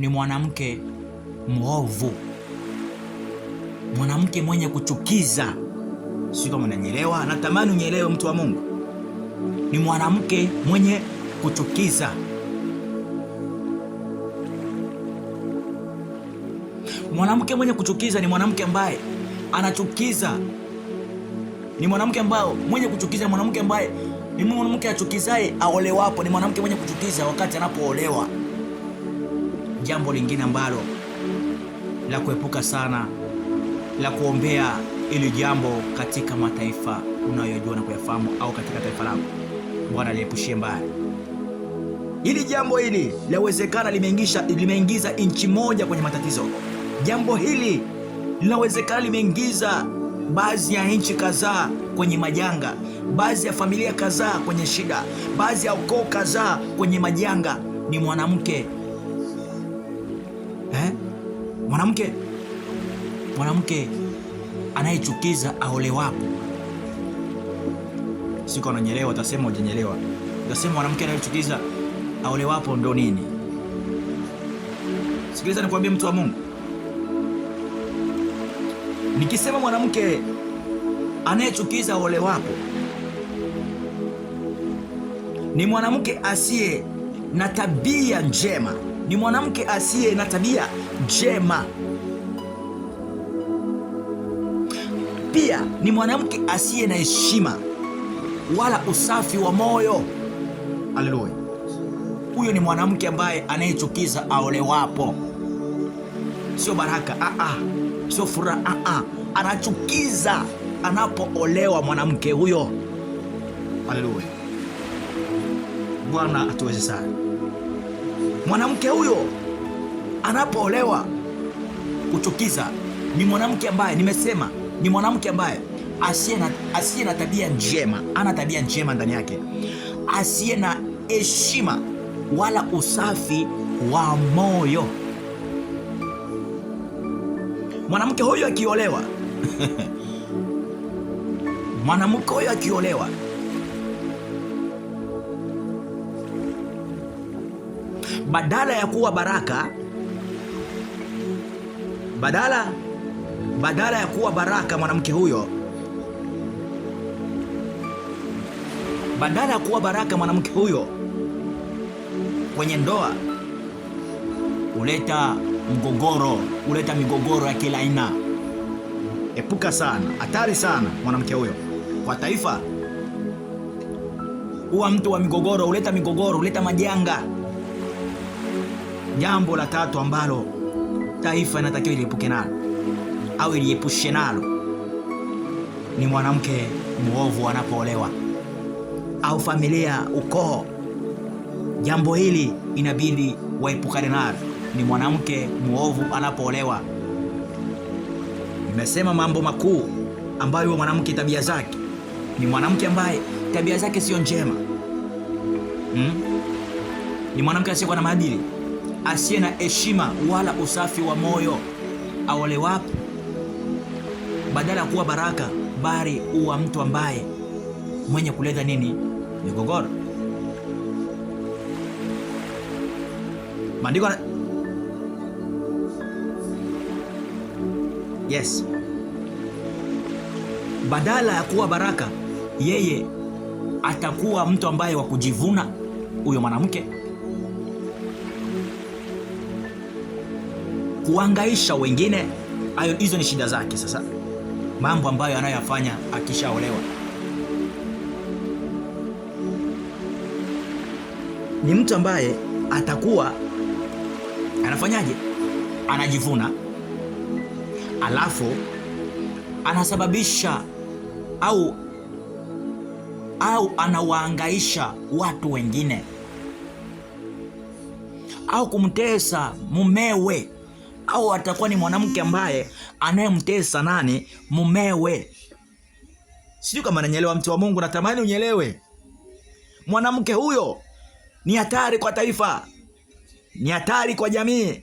ni mwanamke mwovu, mwanamke mwenye kuchukiza. Sio kama unanyelewa, natamani unyelewe mtu wa Mungu. Ni mwanamke mwenye kuchukiza, mwanamke mwenye kuchukiza. Ni mwanamke ambaye anachukiza, ni mwanamke ambaye mwenye kuchukiza, mwanamke ambaye ni mwanamke achukizaye aolewapo, ni mwanamke mwenye kuchukiza wakati anapoolewa jambo lingine ambalo la kuepuka sana la kuombea ili jambo katika mataifa unayojua na kuyafahamu au katika taifa lako. Bwana liepushie mbaya hili jambo. Hili lawezekana limeingiza nchi moja kwenye matatizo. Jambo hili linawezekana limeingiza baadhi ya nchi kadhaa kwenye majanga, baadhi ya familia kadhaa kwenye shida, baadhi ya ukoo kadhaa kwenye majanga. Ni mwanamke eh? Mwanamke mwanamke anayechukiza aolewapo, siku ananyelewa, utasema hujanyelewa, utasema mwanamke anayechukiza aolewapo ndo nini? Sikiliza nikwambie, mtu wa Mungu, nikisema mwanamke anayechukiza aolewapo ni mwanamke asiye na tabia njema ni mwanamke asiye na tabia njema, pia ni mwanamke asiye na heshima wala usafi wa moyo. Haleluya! Huyo ni mwanamke ambaye anayechukiza aolewapo. Sio baraka, ah, ah. sio furaha, ah, anachukiza anapoolewa mwanamke huyo. Haleluya! Bwana atuweze sana mwanamke huyo anapoolewa kuchukiza ni mwanamke ambaye nimesema ni mwanamke ambaye asiye na, asiye na tabia njema, ana tabia njema ndani yake, asiye na heshima wala usafi wa moyo. Mwanamke huyo akiolewa mwanamke huyo akiolewa badala ya kuwa baraka, badala badala ya kuwa baraka mwanamke huyo, badala ya kuwa baraka mwanamke huyo kwenye ndoa huleta mgogoro, huleta migogoro ya kila aina. Epuka sana, hatari sana mwanamke huyo kwa taifa. Huwa mtu wa migogoro, huleta migogoro, huleta majanga. Jambo la tatu ambalo taifa inatakiwa iliepuke nalo au iliepushe nalo ni mwanamke mwovu anapoolewa au familia, ukoo. Jambo hili inabidi waepukane nalo, ni mwanamke mwovu anapoolewa. Nimesema mambo makuu ambayo huyo mwanamke tabia zake, ni mwanamke ambaye tabia zake sio njema, hmm? Ni mwanamke asiyekuwa na maadili asiye na heshima wala usafi wa moyo aolewapo, badala ya kuwa baraka, bali huwa mtu ambaye mwenye kuleta nini? Migogoro. Maandiko Yes, badala ya kuwa baraka, yeye atakuwa mtu ambaye wa kujivuna huyo mwanamke kuangaisha wengine, hayo hizo ni shida zake. Sasa mambo ambayo anayoyafanya akishaolewa ni mtu ambaye atakuwa anafanyaje? Anajivuna alafu anasababisha au au anawaangaisha watu wengine au kumtesa mumewe au atakuwa ni mwanamke ambaye anayemtesa nani? Mumewe. Sijui kama nanyelewa, mtu wa Mungu, natamani unyelewe. Mwanamke huyo ni hatari kwa taifa, ni hatari kwa jamii,